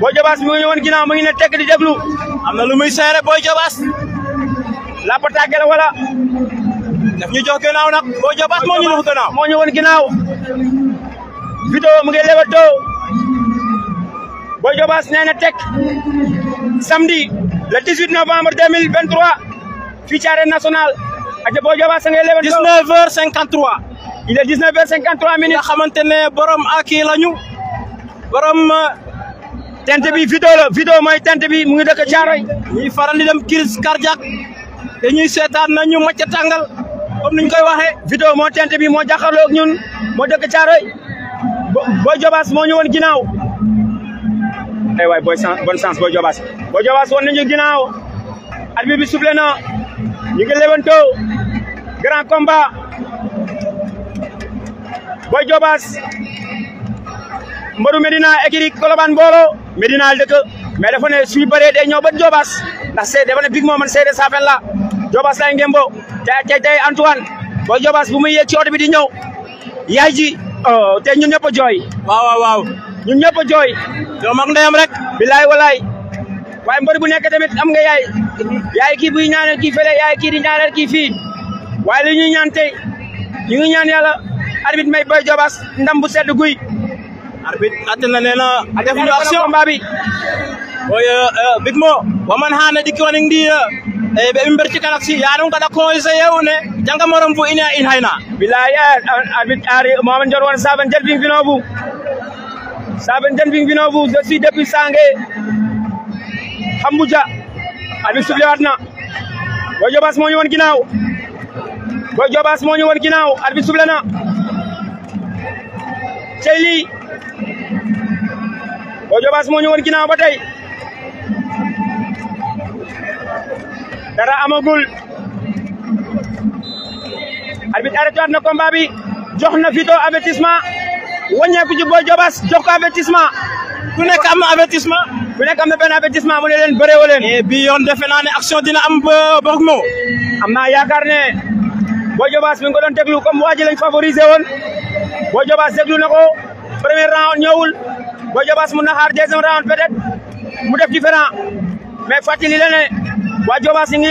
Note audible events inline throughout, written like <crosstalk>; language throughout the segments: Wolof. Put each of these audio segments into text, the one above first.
Boy Diobass mi ngi ñëwoon mu ngi ne tekk di déglu am na lu muy seere Boy Diobass lapatàgge la wala ñu jox ginnaaw nag Boy moo ñu jox ginnaaw moo ñu woon ginnaaw vidéo mu ngi leewatoo Boy Diobass nee na tekk samedi le 18 novembre 2023 fii ci arène nationale ak Boy Diobass ngay nga xamante ne borom ak kii borom euh, tente bi video la video moy tente bi mu ngi dëkk Thiaroy ñuy faral di dem crise cardiaque dañuy seetaan nañu macca tangal comme niñ koy waxee video mo tente bi mo jaxalo ak ñun mo dekk jaaray Boy Diobass mo ñu won ginaaw eh ay way boy bonne chance Boy Diobass Boy Diobass won ñu ginaaw arbi bi souple na ñi ngi lewento grand combat Boy jobas mbaru Medina ekiri koloban bolo Médina dëkk mais dafa ne suy bëree day ñëw ba Diobass ndax see dafa ne big moo man seede saafen la Diobass laay ngémbo tey tey tey Antoine boo Diobass bu muy yéeg ci oto bi di ñëw yaay ji oh, te ñun ñëpp a jooy. waaw ñun ñëpp jooy. doom ak ndeyam rek. bilaay walaay waaye mbër bu nekk tamit am nga yay yaay kii buy ñaanal kii fële yaay kii di ñaanal kii fii waaye li ñuy ñaan tey ñu ngi ñaan yàlla arbitre may boy Diobass ndam bu sedd guy. arbitre atte na nee na def ñu action combat bi oy euh, euh, big mo waman hana ɗikki wanin ndi eyi eh, ɓe ɓimber cikanak si ya ɗum kaɗa conseillé une jangga moron fo ina in hayna bilayi arbitre ari mohamed dior won saben jan finfinobu saben jan finfinobu je suis depuis sangue hamboudia arbitre suble watna boy jobas moñi won ginaw boy jobas moñi won ginaw arbitre sublena ceyli Bojo Baas moo ñu woon ginnaaw ba tey dara amagul arbitre arrêté waat na combat bi jox na Vito avertissement wàññeeku ci Bojo Baas jox ko avertissement ku nekk am na avertissement ku nekk benn avertissement mu ne leen bëree woo leen. et eh, bi yoon defe naa ne action dina am ba euh, boog moo. am naa yaakaar mi ko doon déglu comme waa ji lañ favoriser woon Bojo na ko. premier round ñëwul Boy Diobass mun na xaar deuxième round peut mu def différent mais fàttali la ne waa Diobass ñu ngi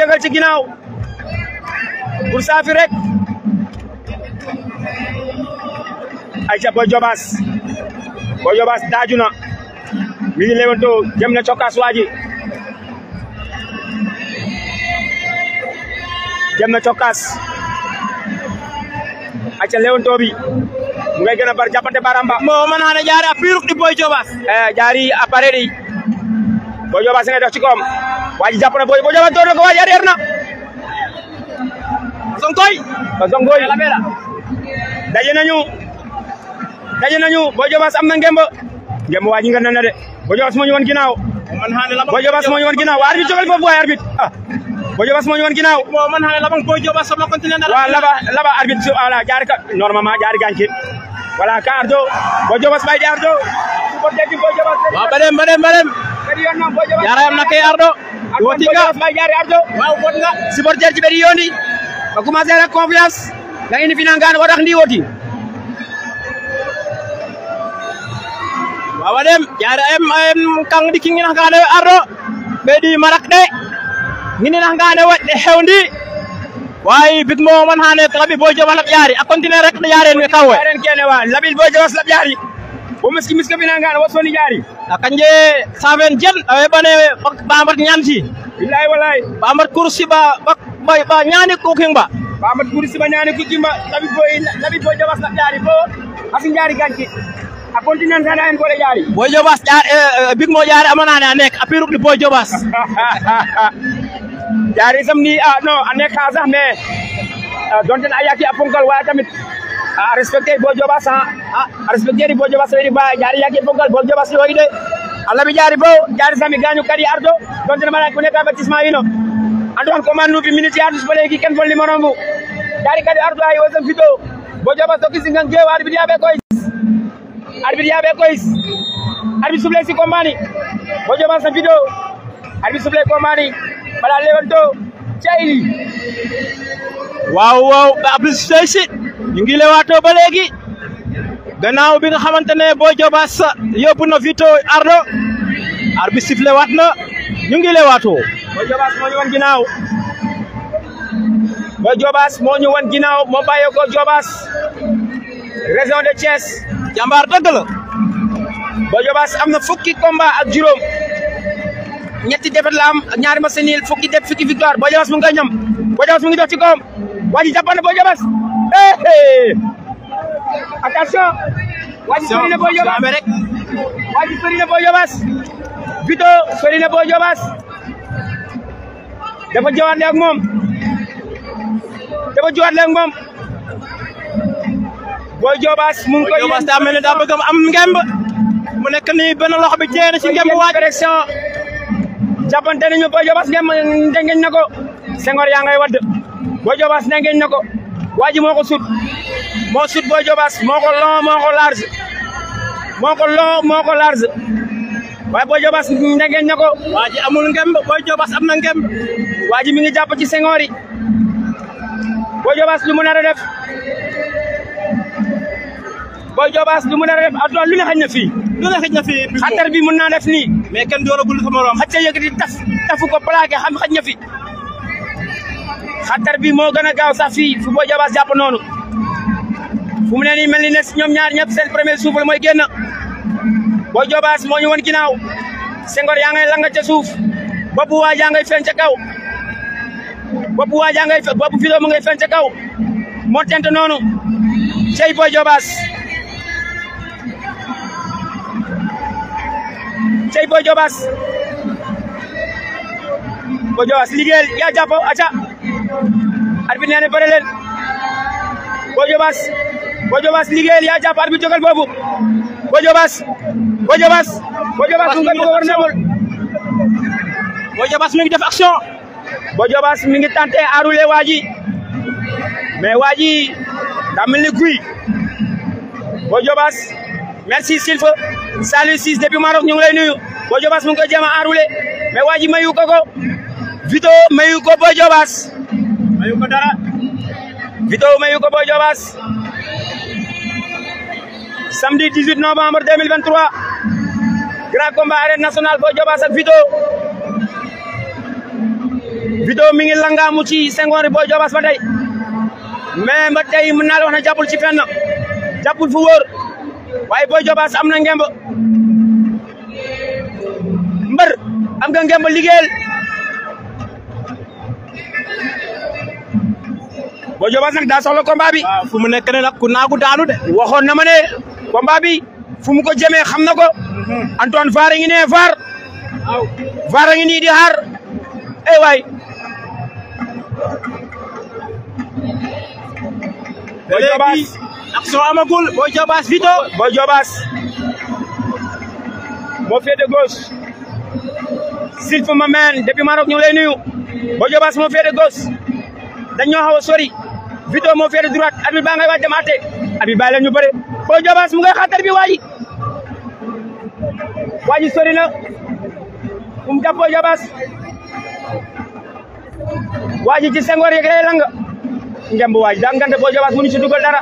saafi rek ayca Boy Diobass Boy Diobass mi ngi lewantoo jëm na cokkaas waa ji jëm na cokkaas bi mu ngay gën a bari jàppante baaraam ba moo mën naa ne jaari di Boy eh jaari apare di Boy Diobass ngay dox ci koom waa ji na Boy Diobass door na ko waa ji arrière na Sonkoy Sonkoy daje nañu daje nañu Boy Diobass am na ngemb ngemb waa ji nga na de Boy Diobass moo ñu woon ginnaaw Boy Diobass moo ñu woon ginnaaw waa arbitre jógal foofu waay arbitre ah Boy Diobass moo ñu woon ginnaaw laba laba arbitre voilà jaari ka normalement jaari gankin voilà ka ardo Boy Diobass bay di ardo ko badem badem badem jaarayam na kay ardo woti nga bay jaari ardo waaw wot nga supporter ci beri yoni ba wadak ndi woti waaw dem jaarayam kang dikingi na ka ardo be di marak de ngini na ngane de hewndi bit mo man hane laɓi bo jowal ak yari ak kontiné rek no yaaren ni kawwe aren kene wa laɓil bo jomas laɓ yari bo miski miska bina ngane wa soni yaari a kanje saven jen bak eh, weɓane bambat ci billahi walay bambat kursi ba bak, ba ba ko king ba bambat kursi ba ko king ba laɓi bo laɓi bo jomas laɓ yari bo asi yaari ganti a continent tana en gole jari. boy bas, eh, eh, big mo yaari amanane a nek a piruk ni boy <laughs> yaarisam ni a ah, non a ah, nekk xa ah, sax mais a yaaki a ponkal waaye tamit a respecté bo joba a respecté ri bo joba jaari yaaki a ponkal bo si woyi de alabi jaari bo jaari sami gaañu kadi ardo donte na mala ko nekk a bâtissement yino andu an commande nubi minute ardus bo leegi jaari kadi ardo ay wosam fito bo joba so kisi ngan geew arbitre yaɓe koy arbitre yaɓe koy si combani bo joba sa balaa lewantoo cey waaw Wow abdou sey si ñu ngi lewaatoo ba léegi gannaaw bi nga xamante ne boo jobaas yóbbu na Vito Ardo arbi sifle waat na ñu ngi lewaatoo boo jobaas moo ñu wan ginnaaw boo jobaas moo ñu wan ginnaaw moo bàyyee ko jobaas région de la fukki combat ak ñetti defet la am ñaari match nul fukki def fukki victoire bo jabas mu nga koy ñam Boy Diabass mu ngi dox ci kawam waji ji bo jabas eh eh attention waji ji sori na Boy Diabass waa ji sori na Boy Diabass Vito sori na Boy Diabass dafa jëwaat ak mom dafa jëwaat ak mom bo jabas mu ngi ko Boy da melni da bëggam am ngemb mu nek ni ben loxo bi téye na ci ngemb waji direction jàppante nañu Boy Diobass ngeen ndengeñ na ko Senghor yaa ngay wadd Boy Diobass na ko waa ji moo ko sut moo sut Boy Diobass moo ko long moo ko large moo ko long moo ko large waaye Boy Diobass na ko waa amul ngemb Boy Diobass na ngemb waa ji mi ngi jàpp ci Senghor yi Boy Diobass lu mu nar a def booy joobaas lu mu def adduna lu ne xaj lu ne xaj na xatar bi mën naa def nii mais kenn dooragul sa morom xaj sa yëkkati taf tafu ko plaqué xam xaj fi xatar bi moo gën a gaaw sax fii fu booy joobaas jàpp noonu fu mu ne nii mel ni ne ñoom ñaar ñëpp seen premier souffle mooy génn booy joobaas moo ñu won ginnaaw Senghor yaa ngay langa ca suuf boppu waa jaa ngay feeñ ca kaw boppu waa jaa ngay boppu filoo mu ngay feeñ ca kaw moo tent noonu cey booy joobaas cey Boy Diobass Boy Diobass ligel ya jappo acha arbi nee na bëre leen bas Diobass Boy Diobass liggéeyal yaa jàpp arbitre jógal boobu Boy Diobass Boy Diobass Boy ngi ko war nawul Boy Diobass mi ngi def action Boy Diobass mi ngi tanté arule waa mais waji da melni guy Boy Diobass merci salut Ciss depuis Maroc ñu ngi lay nuyu bo jobas mu ngi koy jéem a mais waji mayu ko ko Vito mayu ko bo jobas mayu ko dara Vito mayu ko bo jobas samedi 18 novembre 2023 grand combat arène nationale bo jobas ak Vito Vito mi ngi langaamu ci sengori bo jobas ba tay mais ba tay mu na la wax na jappul ci fenn jappul fu wóor waaye Boy Diobass am na ngemb mbër am nga ngemb liggéeyal Boy Diobass nag daa soxla combat bi. fu mu nekk ne nag ku naagu daanu de. waxoon na ma ne combat bi fu ko jëmee xam na ko. Mhm. Antoine Var a ngi nee Var. waaw Var ngi nii di xaar ay waay. Boy action amagul Boy Diobass Vito Boy Diobass moo féete gauche Silf ma meen depuis Maroc ñu ngi lay nuyu Boy Diobass moo féete gauche dañ ñoo xaw sori Vito moo féete droite arbitre baa ngay waaj dem àtte arbitre bàyyi ñu bëre Boy Diobass mu ngay xatar bi waaji waaji sori na um jàpp Boy Diobass waaji ci sengoor yeeg lay lang ngemb waaji daa ngante Boy Diobass mënu ci dugal dara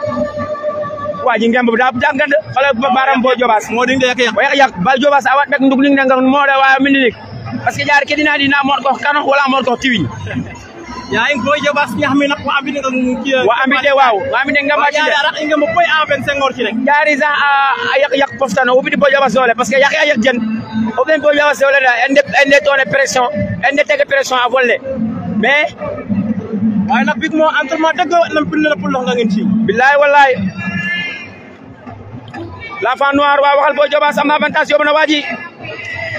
waji ngemb da jangan fala baram bo ya, jobas modin de ya, yak yak yak bal jobas awat nak ndug ning ngang moda wa mindik parce que jaar ke dina dina mor ko kano wala mor ko tiwi yaay ya, boy jobas ni xamé nak wa amide ngang ki wa amide waaw wa amide ngam ba ci de rak ngam boy a 25 ngor ci rek jaari za ah, yak yak postana ubi bo jobas dole parce que yak yak jen ubi bo jobas dole da ende ende tone pression ende tege pression a volé mais waaye nag big moo entraînement dëgg nam pil la pul lox nga ngeen ci billaay wallaay l'enfant noir waaw waxal Boy Diobass am na na waa ji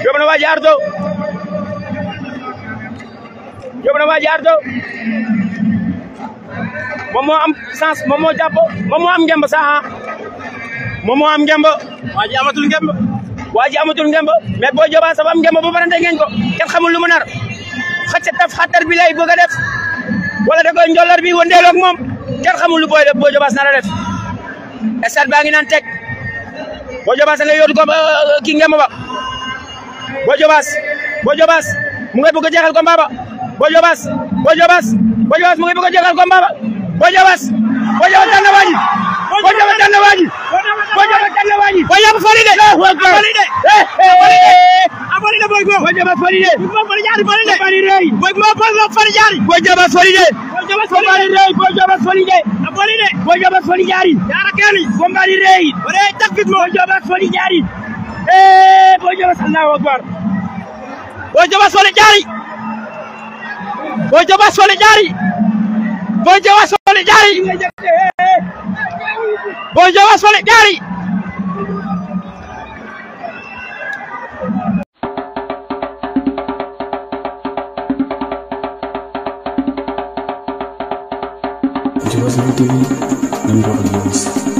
yóbbu na waa ji ardo na waa ji moom moo am sens moom moo jàpp moom moo am ngemb sax ah moom moo am ngemb waa ji amatul ngemb waa amatul ngemb mais Boy Diobass am ngemb ngeen ko kenn xamul lu mu nar xacca taf xattar bi lay bëgg a def wala da koy njollar bi wëndeeloo ak moom kenn xamul lu booy def Boy Diobass def stade baa ngi naan teg Boy Diobass da ngay yóotu ba Boy Diobass mu ngay bëgg a jeexal combat ba Boy Diobass Boy Diobass Boy Diobass mu ngay bëgg a jeexal combat ba Boy Diobass Boy na waa ji Boy na waa ji Boy de fali de de Boy Diobass fali de de Boy Diobass de moƴƴoɓe soliɗe a boliɗe moƴƴoɓe soli jaari yara keni bombani reyi oɗe takfit e moƴƴoɓe allahu akbar moƴƴoɓe soli jaari moƴƴoɓe soli بمدينة نمر اليونس